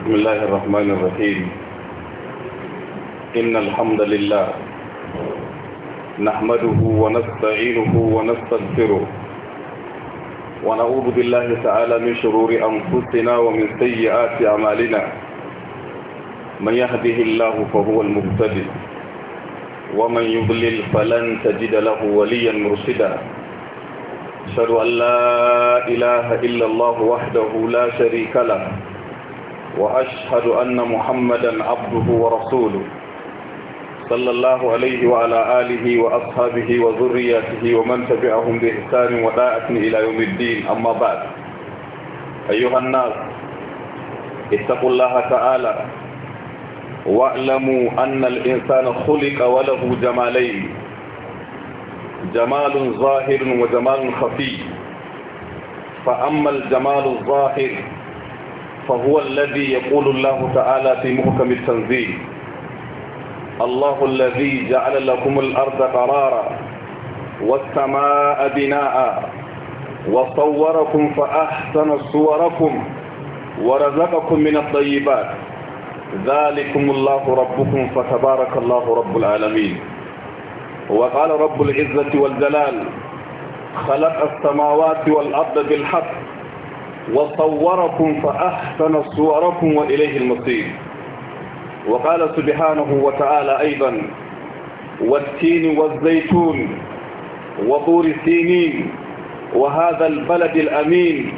بسم الله الرحمن الرحيم إن الحمد لله نحمده ونستعينه ونستغفره ونعوذ بالله تعالى من شرور أنفسنا ومن سيئات أعمالنا من يهده الله فهو المهتد ومن يضلل فلن تجد له وليا مرشدا أشهد أن لا إله إلا الله وحده لا شريك له وأشهد أن محمدا عبده ورسوله صلى الله عليه وعلى آله وأصحابه وذرياته ومن تبعهم بإحسان وداعة إلى يوم الدين أما بعد أيها الناس اتقوا الله تعالى واعلموا أن الإنسان خلق وله جمالين جمال ظاهر وجمال خفي فأما الجمال الظاهر فهو الذي يقول الله تعالى في محكم التنزيل الله الذي جعل لكم الأرض قرارا والسماء بناء وصوركم فأحسن صوركم ورزقكم من الطيبات ذلكم الله ربكم فتبارك الله رب العالمين وقال رب العزة والجلال خلق السماوات والأرض بالحق وصوركم فأحسن صوركم وإليه المصير وقال سبحانه وتعالى أيضا والتين والزيتون وطور السينين وهذا البلد الأمين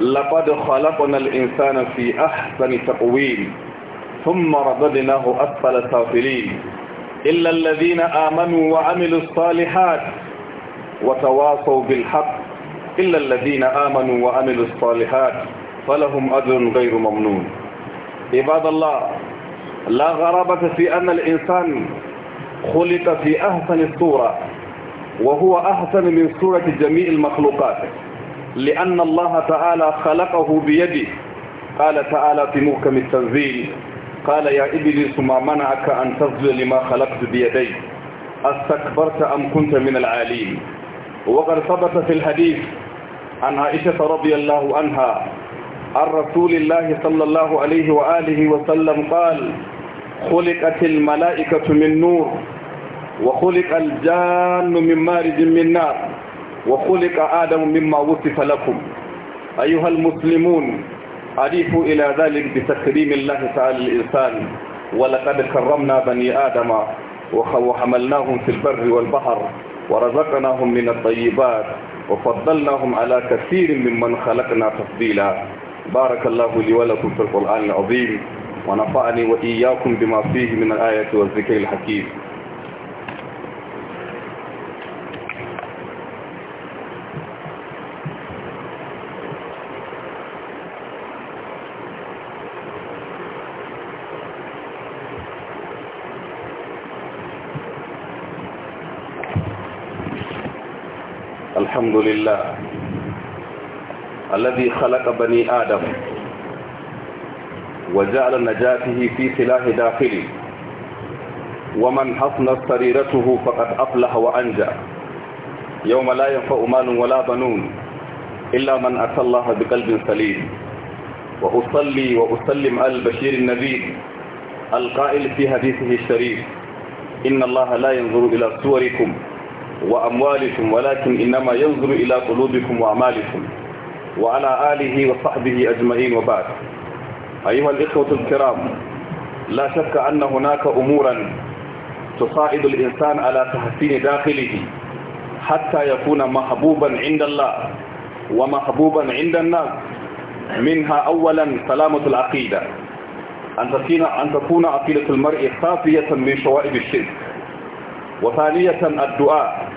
لقد خلقنا الإنسان في أحسن تقويم ثم رددناه أسفل سافلين إلا الذين آمنوا وعملوا الصالحات وتواصوا بالحق إلا الذين آمنوا وعملوا الصالحات فلهم أجر غير ممنون عباد الله لا غرابة في أن الإنسان خلق في أحسن الصورة وهو أحسن من صورة جميع المخلوقات لأن الله تعالى خلقه بيده قال تعالى في محكم التنزيل قال يا إبليس ما منعك أن تسجد لما خلقت بيدي استكبرت أم كنت من العالين وقد ثبت في الحديث عن عائشة رضي الله عنها عن رسول الله صلى الله عليه وآله وسلم قال خلقت الملائكة من نور وخلق الجان من مارج من نار وخلق آدم مما وصف لكم أيها المسلمون أضيفوا إلى ذلك بتكريم الله تعالى الإنسان ولقد كرمنا بني آدم وحملناهم في البر والبحر ورزقناهم من الطيبات وفضلناهم على كثير ممن خلقنا تفضيلا بارك الله لي ولكم في القرآن العظيم ونفعني وإياكم بما فيه من الآية والذكر الحكيم الحمد لله الذي خلق بني آدم وجعل نجاته في سلاح داخلي ومن حصنت سريرته فقد أفلح وأنجى يوم لا ينفع مال ولا بنون إلا من أتى الله بقلب سليم وأصلي وأسلم على البشير النبي القائل في حديثه الشريف إن الله لا ينظر إلى صوركم وأموالكم ولكن إنما ينظر إلى قلوبكم وأعمالكم وعلى آله وصحبه أجمعين وبعد أيها الإخوة الكرام لا شك أن هناك أمورا تصاعد الإنسان على تحسين داخله حتى يكون محبوبا عند الله ومحبوبا عند الناس منها أولا سلامة العقيدة أن تكون أن تكون عقيدة المرء خافية من شوائب الشرك وثانية الدعاء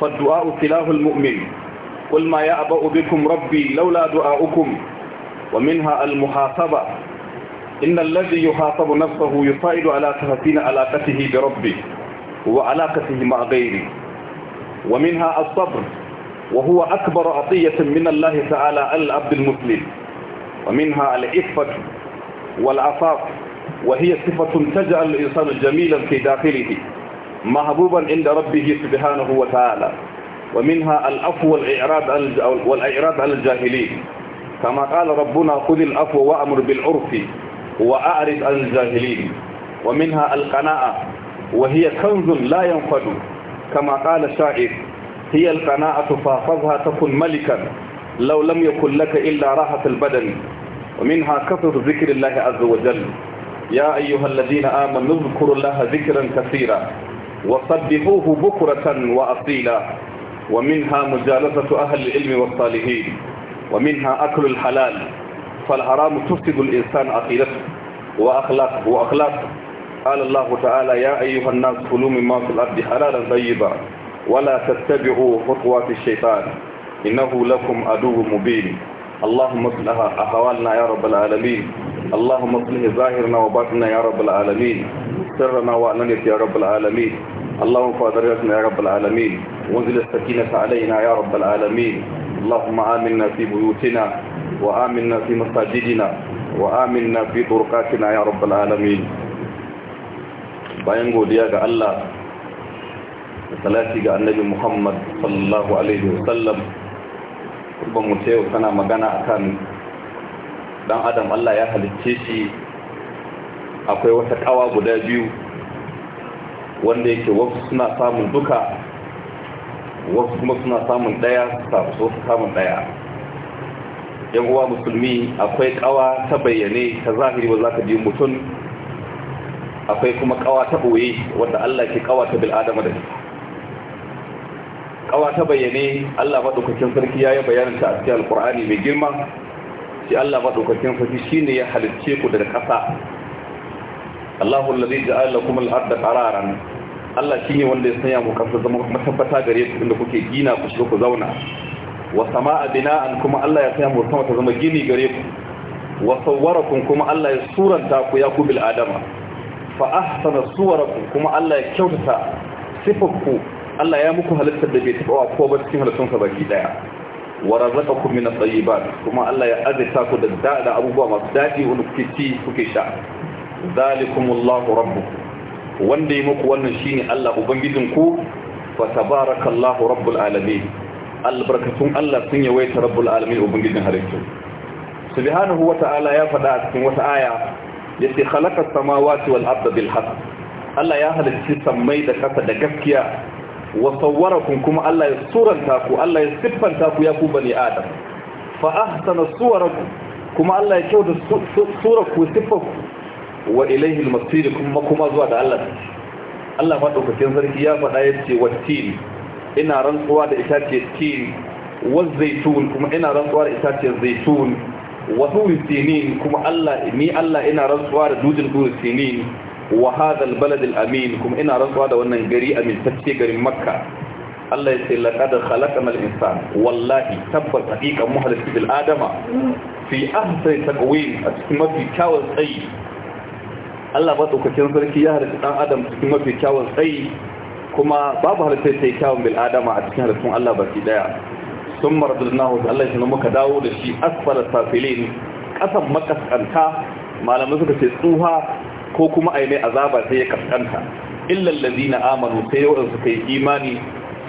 فالدعاء سلاح المؤمن قل ما يأبأ بكم ربي لولا دعاؤكم ومنها المحاسبة إن الذي يحاسب نفسه يصعد على تهسين علاقته بربه وعلاقته مع غيره ومنها الصبر وهو أكبر عطية من الله تعالى العبد المسلم ومنها العفة والعفاف وهي صفة تجعل الإنسان جميلا في داخله محبوبا عند ربه سبحانه وتعالى ومنها العفو والإعراض والإعراض على الجاهلين كما قال ربنا خذ العفو وأمر بالعرف وأعرض عن الجاهلين ومنها القناعة وهي كنز لا ينفد كما قال الشاعر هي القناعة فاحفظها تكن ملكا لو لم يكن لك إلا راحة البدن ومنها كثر ذكر الله عز وجل يا أيها الذين آمنوا اذكروا الله ذكرا كثيرا وصبحوه بكرة وأصيلا ومنها مجالسة أهل العلم والصالحين ومنها أكل الحلال فالحرام تفسد الإنسان عقيدته وأخلاقه وأخلاقه قال الله تعالى يا أيها الناس كلوا مما في الأرض حلالا طيبا ولا تتبعوا خطوات الشيطان إنه لكم عدو مبين اللهم اصلح أحوالنا يا رب العالمين اللهم اصلح ظاهرنا وباطننا يا رب العالمين سرنا وأننك يا رب العالمين اللهم فأدرجنا يا رب العالمين وانزل السكينة علينا يا رب العالمين اللهم آمنا في بيوتنا وآمنا في مساجدنا وآمنا في طرقاتنا يا رب العالمين bayan godiya ga Allah da salati ga annabi Muhammad sallallahu alaihi wasallam kurban mu tana magana akan dan adam Allah ya halicce shi akwai wata kawa guda biyu wanda yake wasu suna samun duka wasu kuma suna samun daya wasu samun daya yan uwa musulmi akwai kawa ta bayyane ta zahiri ba za ka ji mutum akwai kuma kawa ta boye wanda Allah ke kawa ta bil'adama da kawa ta bayyane Allah madaukakin sarki ya yi bayanin ta a cikin alkur'ani mai girma shi Allah madaukakin sarki shine ya halicce ku daga ƙasa Allahu alladhi ja'ala lakum al-ardha qararan Allah shine wanda ya sanya muku kasa zama matabbata gare ku inda kuke gina ku shiga ku zauna wa samaa bina'an kuma Allah ya sanya muku sama ta zama gini gare ku wa sawwarakum kuma Allah ya suranta ku ya ku adama fa ahsana suwarakum kuma Allah ya kyautata sifakku Allah ya muku halittar da bai taɓa ko ba cikin halittunsa baki daya wa razaqakum min at-tayyibat kuma Allah ya azita ku da dada abubuwa masu dadi wanda kuke ci kuke sha zalikumullahu rabbukum wanda yi muku wannan shine Allah ubangijin ku fa tabarakallahu rabbul alamin albarakatun Allah sun yawaita rabbul alamin ubangijin halittu subhanahu wata'ala ya faɗa a cikin wata aya yace khalaqa samawati wal arda bil haqq Allah ya halicci samai da kasa da gaskiya wa sawwarakum kuma Allah ya suranta ku Allah ya siffanta ku ya ku bani adam fa ahsana suwarakum kuma Allah ya kyauta surar ku siffar ku wa ilaihi al-masir kuma kuma zuwa da Allah Allah ma madaukakin sarki ya faɗa yace wattin ina rantsuwa da itace tin wa zaitun kuma ina rantsuwa da itace zaitun wa turi sinin kuma Allah ni Allah ina rantsuwa da dujin turi sinin wa hadha al-balad al-amin kuma ina rantsuwa da wannan gari amintacce garin Makka Allah ya ce laqad khalaqana al-insana wallahi tabbas haqiqa muhallis bil adama fi ahsani taqwim a cikin mafi kyawun tsayi Allah ba tsokakin sarki ya halitta ɗan adam cikin mafi kyawun tsayi kuma babu halitta sai kyawun bil adama a cikin halittun Allah baki daya sun na wasu Allah shi muka dawo da shi asfala safilin ƙasan makaskanta malamai suka ce tsuha ko kuma a azaba sai ya kaskanta illal ladina amanu sai yawan suka yi imani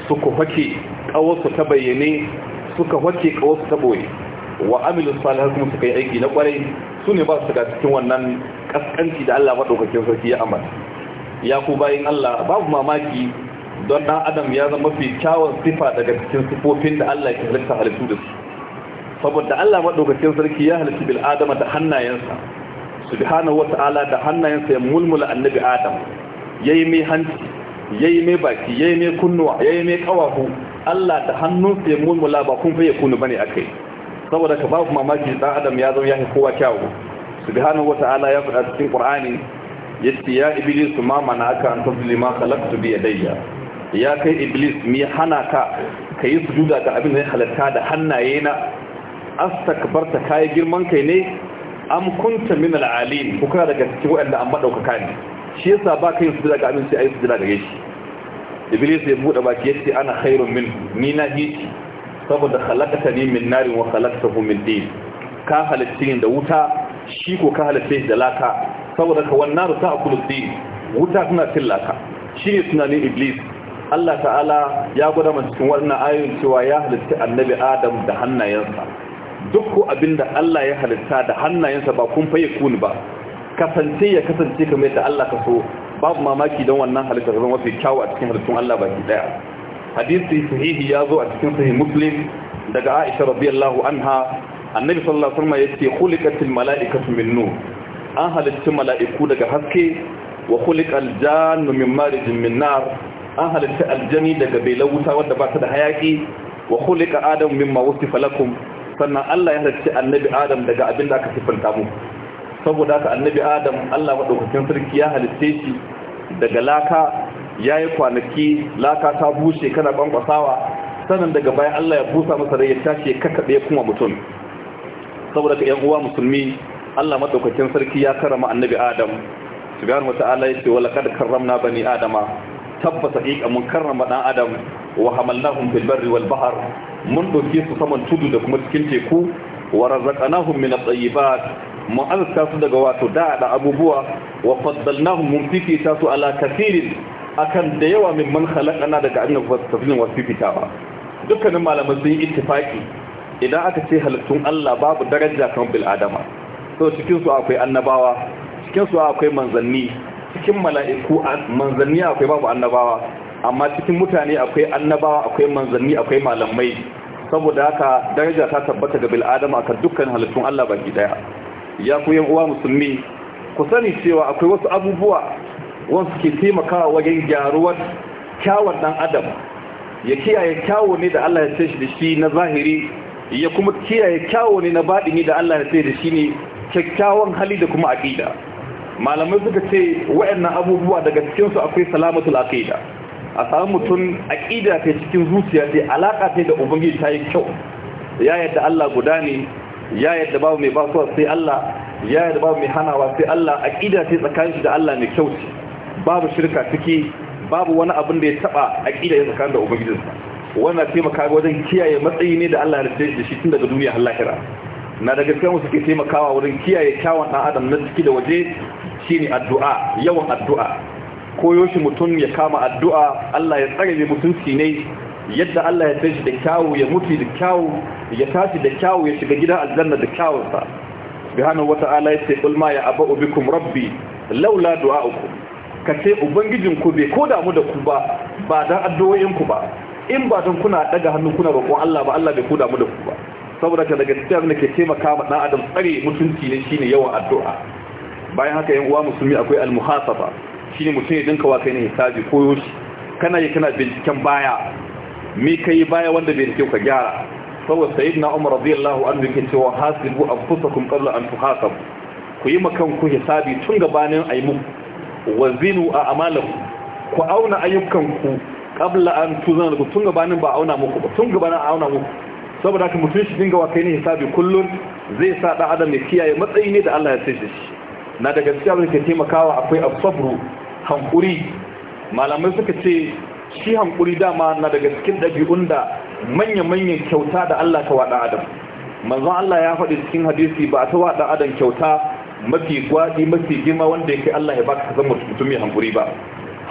suka hake kawarsu ta bayyane suka hake kawarsu ta boye wa amilu salihan kuma suka yi aiki na kwarai su ne ba su ga cikin wannan kaskanci da Allah madaukakin sarki ya amana ya ku bayin Allah babu mamaki don ɗan adam ya zama fi kyawun sifa daga cikin sifofin da Allah ya halitta halittu da su saboda Allah madaukakin sarki ya halitta bil adama da hannayensa wa ta'ala da hannayensa ya mulmula annabi adam yayi mai hanci yayi mai baki yayi mai kunnuwa yayi mai kawahu Allah da hannunsa ya mulmula ba kun fa ya kunu bane akai saboda ka babu mamaki dan adam ya zama ya kowa kyawu subhanahu wata'ala ya faɗa cikin qur'ani yace ya iblis ma mana aka an tabli ma khalaqtu bi yadayya ya kai iblis mi hana ka kai sujuda ga abin da ya halatta da hannaye na astakbarta kai girman kai ne am kunta min al-alim daga cikin wanda an ka ne shi yasa ba kai sujuda ga abin sai ayi sujuda gare shi iblis ya buɗe baki yace ana khairun min ni na hici saboda khalaqtani min narin wa khalaqtahu min din ka halittin da wuta shi ko ka halatta da laka saboda ka wannan ta akulu din wuta suna cin laka shi shine tunanin iblis Allah ta'ala ya gwada mana cikin wannan ayoyin cewa ya halitta annabi Adam da hannayensa duk ko abinda Allah ya halitta da hannayensa ba kun faye kuni ba kasance ya kasance kamar da Allah ka so babu mamaki don wannan halitta zama mafi kyawu a cikin halittun Allah baki daya hadisi sahihi ya zo a cikin sahih muslim daga Aisha radiyallahu anha annabi sallallahu alaihi wasallam yace khuliqatil mala'ikatu min nur an halitta mala'iku daga haske wa khuliqal jannu min marijin min nar an halitta aljani daga bailan wuta wanda ba ta da hayaki wa khuliqa adam mimma wasifa lakum sannan Allah ya halitta annabi adam daga abin da aka sifanta mu saboda ka annabi adam Allah madaukakin sarki ya halitta shi daga laka yayi kwanaki laka ta bushe kana bankwasawa sannan daga bayan Allah ya busa masa rai ya tashi ya kakkabe kuma mutum saboda ka yan uwa musulmi Allah madaukakin sarki ya karama annabi Adam subhanahu wata'ala yace wala kad karramna bani adama tabbata haqiqa mun karrama dan adam wa hamalnahum fil barri wal bahr mun doke su saman tudu da kuma cikin teku wa razaqnahum min at-tayyibat mun azka su daga wato da da abubuwa wa faddalnahum mun fifita su ala kathirin akan da yawa min man khalaqana daga annabi fifita ba. dukkanin malamai sun yi ittifaqi idan aka ce halittun Allah babu daraja kan bil adama so cikin su akwai annabawa cikin su akwai manzanni cikin mala'iku manzanni akwai babu annabawa amma cikin mutane akwai annabawa akwai manzanni akwai malamai saboda haka daraja ta tabbata ga bil adama akan dukkan halittun Allah baki daya ya ku yan uwa musulmi ku sani cewa akwai wasu abubuwa wasu ke taimakawa wajen gyaruwar kyawun dan adam ya kiyaye kyawu ne da Allah ya ce shi da shi na zahiri ya kuma kiyaye kyawo ne na baɗi baɗini da Allah ya sai da shi ne kyakkyawan hali da kuma aƙida malamai suka ce wa'annan abubuwa daga cikinsu akwai salamatul aƙida a samu mutum aƙida ta cikin zuciya sai alaƙa ta da ubangiji ta yi kyau ya yadda Allah guda ne ya yadda babu mai basuwa sai Allah ya yadda babu mai hanawa sai Allah aƙida ta tsakanin shi da Allah mai kyau babu shirka ciki babu wani abin da ya taɓa aƙida ya tsakanin da ubangijinsa wannan taimaka wajen kiyaye matsayi ne da Allah ya rufe shi tun daga duniya har lahira na daga cikin wasu ke taimakawa wurin kiyaye kyawun dan adam na ciki da waje shine addu'a yawan addu'a koyo mutum ya kama addu'a Allah ya tsare mai mutunci ne yadda Allah ya tashi da kyawu ya mutu da kyawu ya tashi da kyawu ya shiga gidan aljanna da kyawunsa wa wata'ala ya ce ma ya abu bikum rabbi laula du'a'ukum ka ce ku bai ko damu da ku ba ba dan addu'o'inku ba in ba don kuna daga hannu kuna roƙon Allah ba Allah bai kuda mu da ku ba saboda ka daga cikin abin da ke taimaka ma dan adam tsare mutunci ne shine yawan addu'a bayan haka yan uwa musulmi akwai al-muhasaba shine mutum ya dinka wa kai ne hisabi koyo shi kana yi kana binciken baya me kai baya wanda bai rike ka gyara saboda sayyidina Umar radiyallahu anhu ke cewa hasibu anfusakum qabla an tuhasabu ku yi makan ku hisabi tun gabanin ayi wazinu a amalakum ku auna ayyukanku Kabla an tuzana lakum tun gabanin ba auna muku ba tun gabanin auna muku saboda haka mutum shi dinga wakai ne hisabi kullun zai sa da adam ya kiyaye matsayi ne da Allah ya tsaye shi na daga cikin abin da ke taimakawa akwai asabru hankuri malamai suka ce shi hankuri dama na daga cikin ɗabi'un da manya-manyan kyauta da Allah ka wada adam manzo Allah ya faɗi cikin hadisi ba ta wada adam kyauta mafi gwadi mafi girma wanda yake Allah ya baka ka zama mutum mai hankuri ba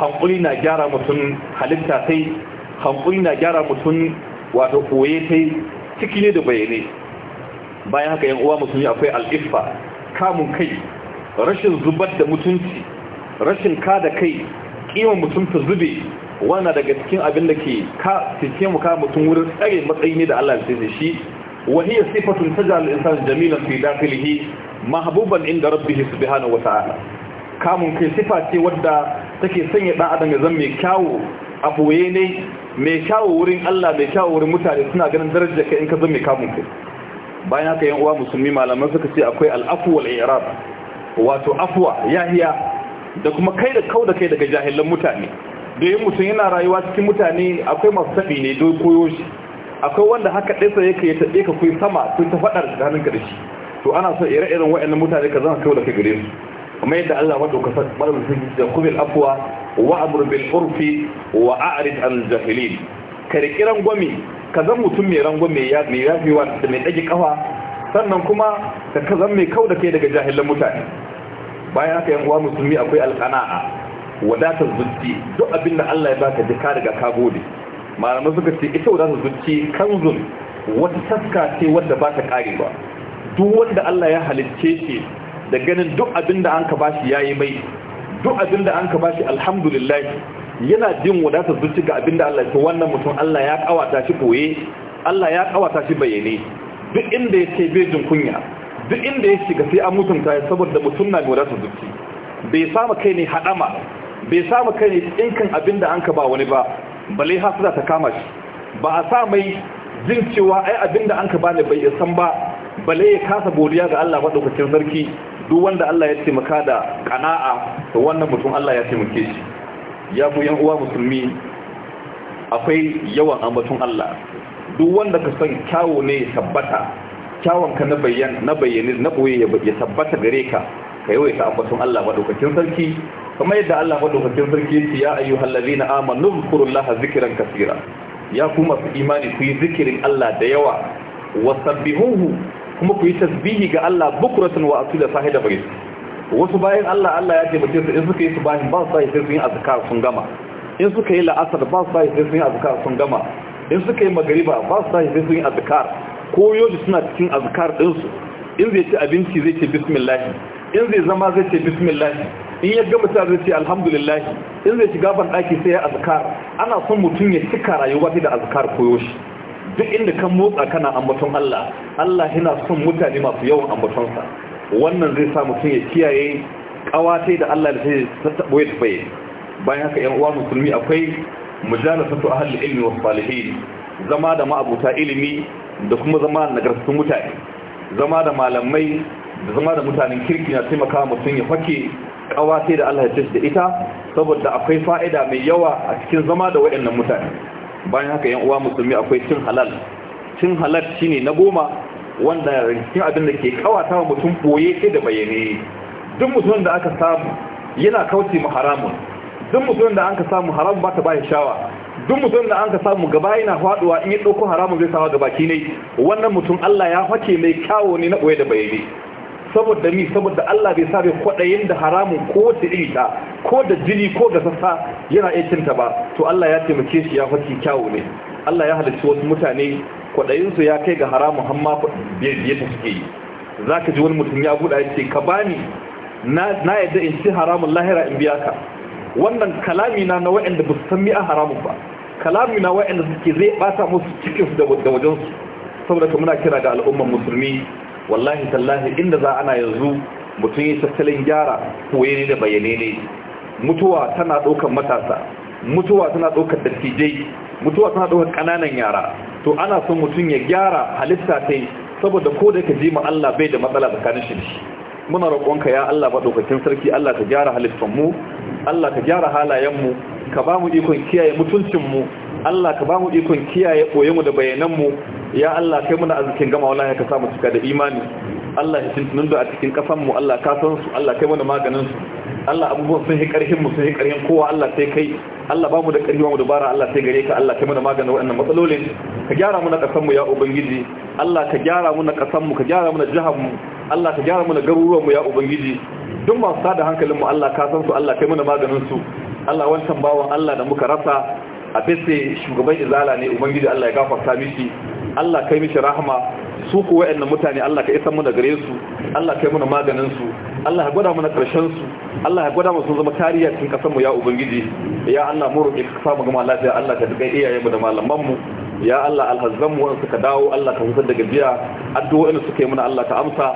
hankuli na gyara mutum halitta sai hankuri na gyara mutum wato koye sai ciki ne da bayanai bayan haka yan uwa musulmi akwai al'iffa kamun kai rashin zubar da mutunci rashin kada kai kiwon mutum ta zube wana daga cikin abin da ke ka ce mu kama mutum wurin tsare matsayi ne da Allah ya da shi wa hiya sifatun tajal insan jamilan fi dakhilihi mahbuban inda rabbih subhanahu wa ta'ala kamun kai sifa ce wadda take sanya ɗan adam ya zama mai kyawo a boye ne mai kyawo wurin Allah mai kyawo wurin mutane suna ganin darajar ka in ka zama mai kamun kai bayan haka yan uwa musulmi malaman suka ce akwai al'afu wal i'rab wato afwa yahiya da kuma kai da kau da kai daga jahilan mutane doyin mutum yana rayuwa cikin mutane akwai masu tabi ne don koyo shi akwai wanda haka ɗaya ya kai ya taɓe ka kuyi sama sun ta faɗa da da shi to ana so ire-iren waɗannan mutane ka zama kau da kai gare su kamar yadda Allah madaukakin madaukakin da kubil afwa wa amr bil urfi wa a'rid an jahilin ka riki gwami, ka zan mutum mai rangwame ya mai yafewa da mai dage kafa sannan kuma ka ka zan mai kauda kai daga jahilan mutane bayan haka yan uwa musulmi akwai alqana'a wadatar zuci duk abin da Allah ya baka duka daga ka gode malamai suka ce ita wadatar zuci kanzun wata taska ce wadda ba ta kare ba duk wanda Allah ya halicce shi da ganin duk abin da an ka bashi yayi mai duk abin da an ka bashi alhamdulillah yana jin wadatar zuci ga abin da Allah ya wannan mutum Allah ya kawata shi koye Allah ya kawata shi bayyane duk inda ya ce bai jin kunya duk inda ya shiga sai an mutunta ya saboda mutum na wadatar zuci bai samu kai ne hadama bai samu kai ne tsinkan abin da an ka ba wani ba balai hasada ta kama shi ba a sa mai jin cewa ai abin da an ka bani bai san ba bale ya kasa godiya ga Allah maɗaukacin sarki duk wanda Allah ya taimaka da kana'a to wannan mutum Allah ya taimake shi ya ku yan uwa musulmi akwai yawan ambaton Allah duk wanda ka san kyawo ne ya tabbata kyawon ka na bayyan na bayyane na boye ya tabbata gare ka ka yawaita ambaton Allah madaukakin sarki kamar yadda Allah madaukakin sarki ya ya ayyuhal ladina amanu zkurullaha zikran kaseera ya kuma masu imani ku yi zikirin Allah da yawa wasabbihuhu kuma ku yi tasbihi ga Allah bukratan wa asila sahida bari wasu bayan Allah Allah ya ce mutum in suka yi su ba su sai sun yi azkar sun gama in suka yi la'asar ba su sai sun yi azkar sun gama in suka yi magariba ba su sai sun yi azkar ko yoji suna cikin azkar din su in zai ci abinci zai ce bismillah in zai zama zai ce bismillah in ya gama ta zai ce alhamdulillah in zai shiga ban daki sai ya azkar ana son mutum ya cika rayuwa da azkar koyo shi duk inda kan motsa kana ambaton Allah Allah yana son mutane masu yawan ambatonsa wannan zai sa mutum ya kiyaye kawatai da Allah da sai ta tabo ya tafaye bayan haka yan uwa musulmi akwai mujalasatu ahli ilmi wa salihin zama da ma'abuta ilimi da kuma zama da nagartattun mutane zama da malamai da zama da mutanen kirki na taimaka mutum ya fake kawatai da Allah ya tashi da ita saboda akwai fa'ida mai yawa a cikin zama da waɗannan mutane bayan haka yan uwa musulmi akwai cin halal cin halal shine na goma wanda cin abin da ke kawata wa mutum boye sai da bayyane duk mutum da aka samu yana kauce mu haramun duk mutum da an ka samu haram ba ta bayan shawa duk mutum da an ka samu gaba yana faduwa in ya dauko haramun zai sawa gabaki ne wannan mutum Allah ya hake mai kyawo ne na boye da bayyane saboda mi saboda Allah bai sa bai kwaɗayin da haramun ko wace iri ta ko da jini ko da sassa yana cinta ba to Allah ya taimake shi ya faki kyawu ne Allah ya halicci wasu mutane kwaɗayinsu ya kai ga haramun ma biye ta suke yi za ka ji wani mutum ya buɗa ya ce ka bani na yadda in ci haramun lahira in biya ka wannan kalami na na waɗanda ba su san mi'a haramun ba kalami na waanda suke zai ɓata musu cikinsu da wajensu saboda ka muna kira ga al'ummar musulmi wallahi tallahi inda za ana yanzu mutum yi tattalin gyara koye da bayyane ne mutuwa tana ɗaukar matasa mutuwa tana ɗaukar dattijai mutuwa tana ɗaukar ƙananan yara to ana son mutum ya gyara halitta ta saboda ko da ka jima Allah bai da matsala tsakanin shi muna roƙonka ya Allah maɗaukakin sarki Allah ka gyara mu, Allah ka gyara halayenmu ka ba mu ikon kiyaye mutuncinmu Allah ka ba mu ikon kiyaye ɓoyenmu da mu, ya Allah kai muna arzikin gama wallahi ka sa mu cika da imani Allah ya tuntunin da a cikin ƙasanmu Allah ka san su Allah kai muna maganin su Allah abubuwan sun yi ƙarhin mu sun yi ƙarhin kowa Allah sai kai Allah ba mu da ƙarfi mu dubara Allah sai gare ka Allah kai mana maganin waɗannan matsalolin ka gyara mu na ƙasar ya ubangiji Allah ka gyara mu na ƙasar ka gyara mu na jihanmu. Allah ka gyara mu na garuruwan mu ya ubangiji duk masu sada hankalin mu Allah ka san su Allah kai mana maganin su Allah wancan bawan Allah da muka rasa a fese shugaban izala ne ubangiji Allah ya gafarta mishi Allah kai mishi rahama su kuwa waɗannan mutane Allah ka isa mu da gare su Allah kai mana maganin su Allah ya gwada mana karshen su Allah ya gwada mu sun zama kariya cikin kasar mu ya ubangiji ya Allah mu roƙe ka samu gama lafiya Allah ka dukan iyaye mu da malaman mu ya Allah alhazzan mu wanda suka dawo Allah ka hutar da gajiya addu'o'in suka yi mana Allah ka amsa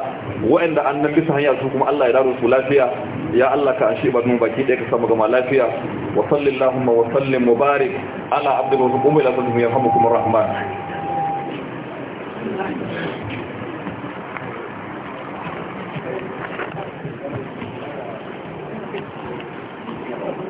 wa'anda annan bisa hanya su kuma Allah ya daro su lafiya ya Allah ka ashe ba mu baki ɗaya ka samu gama lafiya wa sallallahu wa sallim mubarak ala abdul rasul umma ila hamu yarhamukum rahman.